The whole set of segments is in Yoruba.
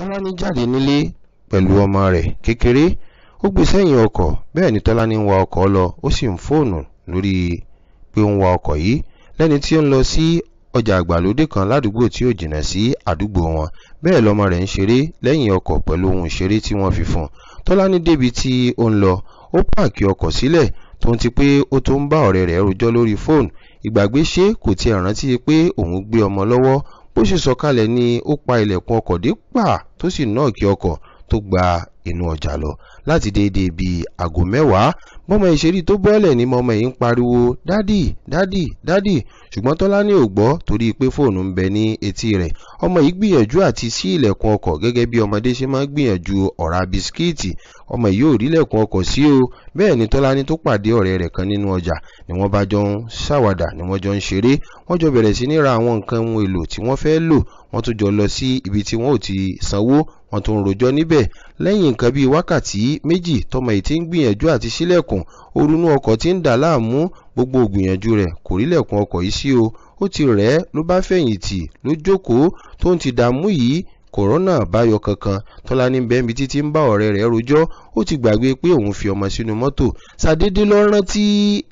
Tọ́lání jáde nílé pẹ̀lú ọmọ rẹ̀ kékeré. Ó gbé sẹ́yìn ọkọ̀ bẹ́ẹ̀ ni Tọ́lání ń wa ọkọ̀ lọ ó sì ń fóònù lórí pé ó ń wa ọkọ̀ yìí lẹ́ni tí ó ń lọ sí ọjà àgbàlódé kan ládùúgbò tí ò jìnnà sí àdúgbò wọn bẹ́ẹ̀ lọmọ rẹ̀ ń ṣeré lẹ́yìn ọkọ̀ pẹ̀lú ohun ìṣeré tí wọ́n fi fún un débi tí ó ń lọ ó páàkì ọkọ̀ sílẹ̀ tó ń ti pé ó tó ń bá ọ̀rẹ́ rẹ̀ rojọ́ lórí fóònù ìgbàgbé ṣe kò tiẹ̀ rántí pé òun gbé ọmọ lọ́wọ́ ó sì sọ̀kalẹ̀ ni ó pa ilẹ̀kùn ọkọ̀ dé pàá tó sì nọ́ọ̀kì ọkọ̀ tó gba inú ọjà lọ láti déédéé bíi aago mẹ́wàá mọ́mọ ìṣeré tó bọ́ọ̀lẹ̀ ni. mọ́mọ yìí ń pariwo dádì dádì dádì ṣùgbọ́n Tọ́lání ò gbọ́ torí pé fóònù ń bẹ ní etí rẹ̀ ọmọ yìí gbìyànjú àti ṣí ilẹ̀kùn ọkọ̀ gẹ́gẹ́ bí ọmọdé ṣe máa ń gbìyànjú ọ̀rá bisikíìtì ọmọ yìí ò rí ilẹ̀kùn ọkọ̀ sí o bẹ́ẹ̀ ni Tọ́lání tó pàdé ọ̀rẹ́ rẹ̀ kan nínú ọjà ni wọ́n bá jọ ń ṣàwàdà ni wọ́n jọ ń ṣeré wọ́n jọ bẹ̀rẹ̀ sí ní ra àwọn nǹkan ohun èlò tí wọ́n fẹ́ lò wọ́n tún jọ lọ sí ibi tí wọ́n ò ti sanwó wọ́n tún rojọ́ níbẹ̀ lẹ́yìn nǹkan bíi wákàtí méjì tọmọ yìí ti ń gbìyànjú àti ṣílẹ̀kùn orunú ọkọ̀ ti ń dà láàmú gbogbo ògbìyànjú rẹ̀ kò rílẹ̀kùn ọkọ̀ yìí sí o ó ti rẹ̀ ló bá fẹ̀yìntì ló tó ń ti dààmú yìí kòrónà báyọ kankan tọ́lání bẹ́ẹ̀mí títí ń bá ọ̀rẹ́ rẹ̀ rojọ́ ó ti gbàgbé pé òun fi ọmọ sínú mọ́tò ṣàdédé lọ rántí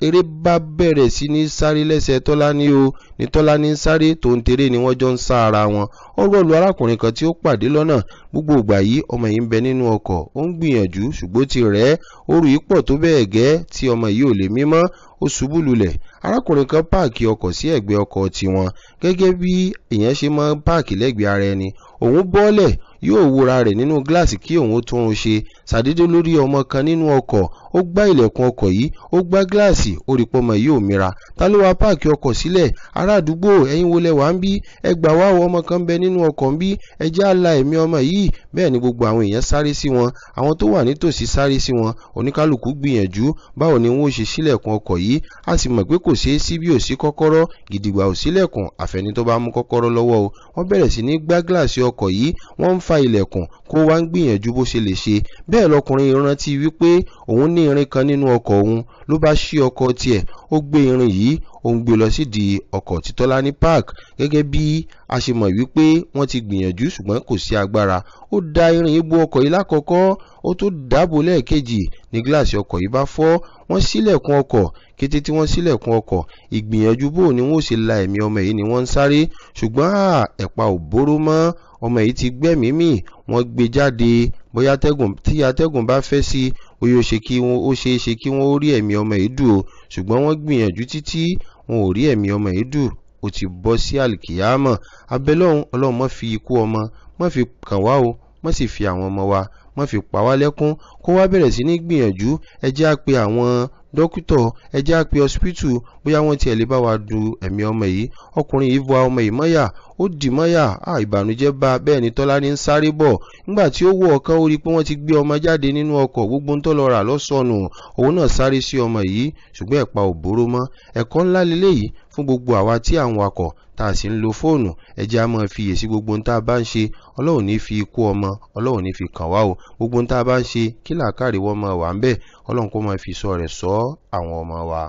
eré bá bẹ̀rẹ̀ sí ní sáré lẹ́sẹ̀ tọ́lání o ní tọ́lání ń sáré tó ń tèrè ni wọ́n jọ ń sá ara wọn ó rọ́ọ̀lù arákùnrin kan tí ó pàdé lọ́nà gbogbo ìgbà yìí ọmọ yìí ń bẹ nínú ọkọ̀ ó ń gbìyànjú ṣùgbọ́n ti rẹ̀ ó rù í pọ̀ tó bẹ́ẹ̀ gẹ́ tí ọmọ yìí ò lè mímọ́ ó ṣubú lulẹ̀ arákùnrin kan páàkì ọkọ̀ sí ẹ̀gbẹ́ ọkọ̀ tiwọn gẹ́gẹ́ bí èèyàn ṣe máa páàkì lẹ́gbẹ̀ẹ́ ara ẹni òun bọ́lẹ̀ yóò wúra rẹ̀ nínú gíláàsì kí òun ó tún un ṣe ṣàdédé lórí ọmọ kan nínú ọkọ̀ ó gbá ilẹ̀kùn ọkọ̀ yìí ó gbá gíláàsì ó rí mira ta ló wa páàkì ọkọ̀ sílẹ̀ ará àdúgbò ẹ̀yin wo lẹ wà ń bí ẹ gbà wá ọmọ kan bẹ nínú ọkọ̀ ń bí ẹ jẹ́ àlà ẹ̀mí ọmọ yìí bẹ́ẹ̀ ni gbogbo àwọn èèyàn sáré sí wọn àwọn tó wà nítòsí sáré sí wọn oníkálukú gbìyànjú báwo ni wọn ó ṣe sílẹ̀kùn ọkọ̀ yìí a sì mọ̀ pé kò ṣeé sí bí ò sí kọ́kọ́rọ́ gidigba ò sílẹ̀kùn àfẹni tó bá mú kọ́kọ́rọ́ lọ́wọ́ o fa ilẹ̀kùn kó wá ń gbìyànjú bó ṣe lè ṣe bẹ́ẹ̀ lọkùnrin rántí wípé òun ní irin kan nínú ọkọ̀ òun ló bá ṣí ọkọ̀ tiẹ̀ ó gbé irin yìí òun gbé lọ sídìí ọkọ̀ tí Tọ́lání park gẹ́gẹ́ bí a ṣe mọ̀ wípé wọ́n ti gbìyànjú ṣùgbọ́n kò sí agbára ó da irin yìí bo ọkọ̀ yìí lákọ̀ọ́kọ́ ó tó dáàbò lẹ́ẹ̀kejì ní gíláàsì ọkọ̀ yìí bá fọ́ wọ́n ṣílẹ̀kùn ọkọ̀ kété tí wọ́n ṣílẹ̀kùn ọkọ̀ ìgbìyànjú bò ní wọ́n ò ṣe la ẹ̀mí ọmọ yìí ni wọ́n ń sáré ṣùgbọ́n ẹ̀pà ò bóró mọ́ ọmọ yìí ti gbẹ́mìí mì wọ́n gbé jáde bóyá tí atẹ́gùn bá fẹ́ sí ó yóò ṣe kí wọ́n ó ṣe é ṣe kí wọ́n ó rí ẹ̀mí ọmọ yìí dù o ṣùgbọ́n wọ́n gbìyànjú títí wọn ò rí ẹ̀mí ọmọ yìí dù ó ti bọ́ sí àlìkìyámọ̀ abẹ́lọ́hún ọlọ́run má fi ikú ọmọ má fi kàn wá o má sì fi àwọn ọmọ wa má fi pa wá lẹ́kún kó wá bẹ̀rẹ̀ sí ní gbìyànjú ẹ jẹ́ á àwọn dókítọ̀ ẹ jẹ́ á pe ọsibítù bóyá wọ́n tiẹ̀ lè bá wa du ẹ̀mí ọmọ yìí ọkùnrin yìí voa ọmọ yìí mọ́yà ó dì mọ́yà à ìbànújẹ́ bá bẹ́ẹ̀ ni tọ́lá ní ń sáré bọ̀ nígbà tí ó wọ ọ̀kan ó rí i pé wọ́n ti gbé ọmọ jáde nínú ọkọ̀ gbogbo ń tọ́lọ rà lọ́sọ̀nù òun náà sáré sí ọmọ yìí ṣùgbọ́n ẹ̀pa ò bóró mọ́ ẹ̀kọ́ ńlá leléyìí fún gbogbo àwa tí à ń tá a sì ń lo fóònù ẹ jẹ́ a máa fiyèsí gbogbo ohun tá a bá ń ṣe ọlọ́run ní fi ikú ọmọ ọlọ́run ní fi kàn wá o gbogbo ohun tá a bá ń ṣe kí làákàrẹ̀ wọ́n máa wà ń bẹ̀ ọlọ́run kó máa fi sọ rẹ̀ sọ àwọn ọmọ wa.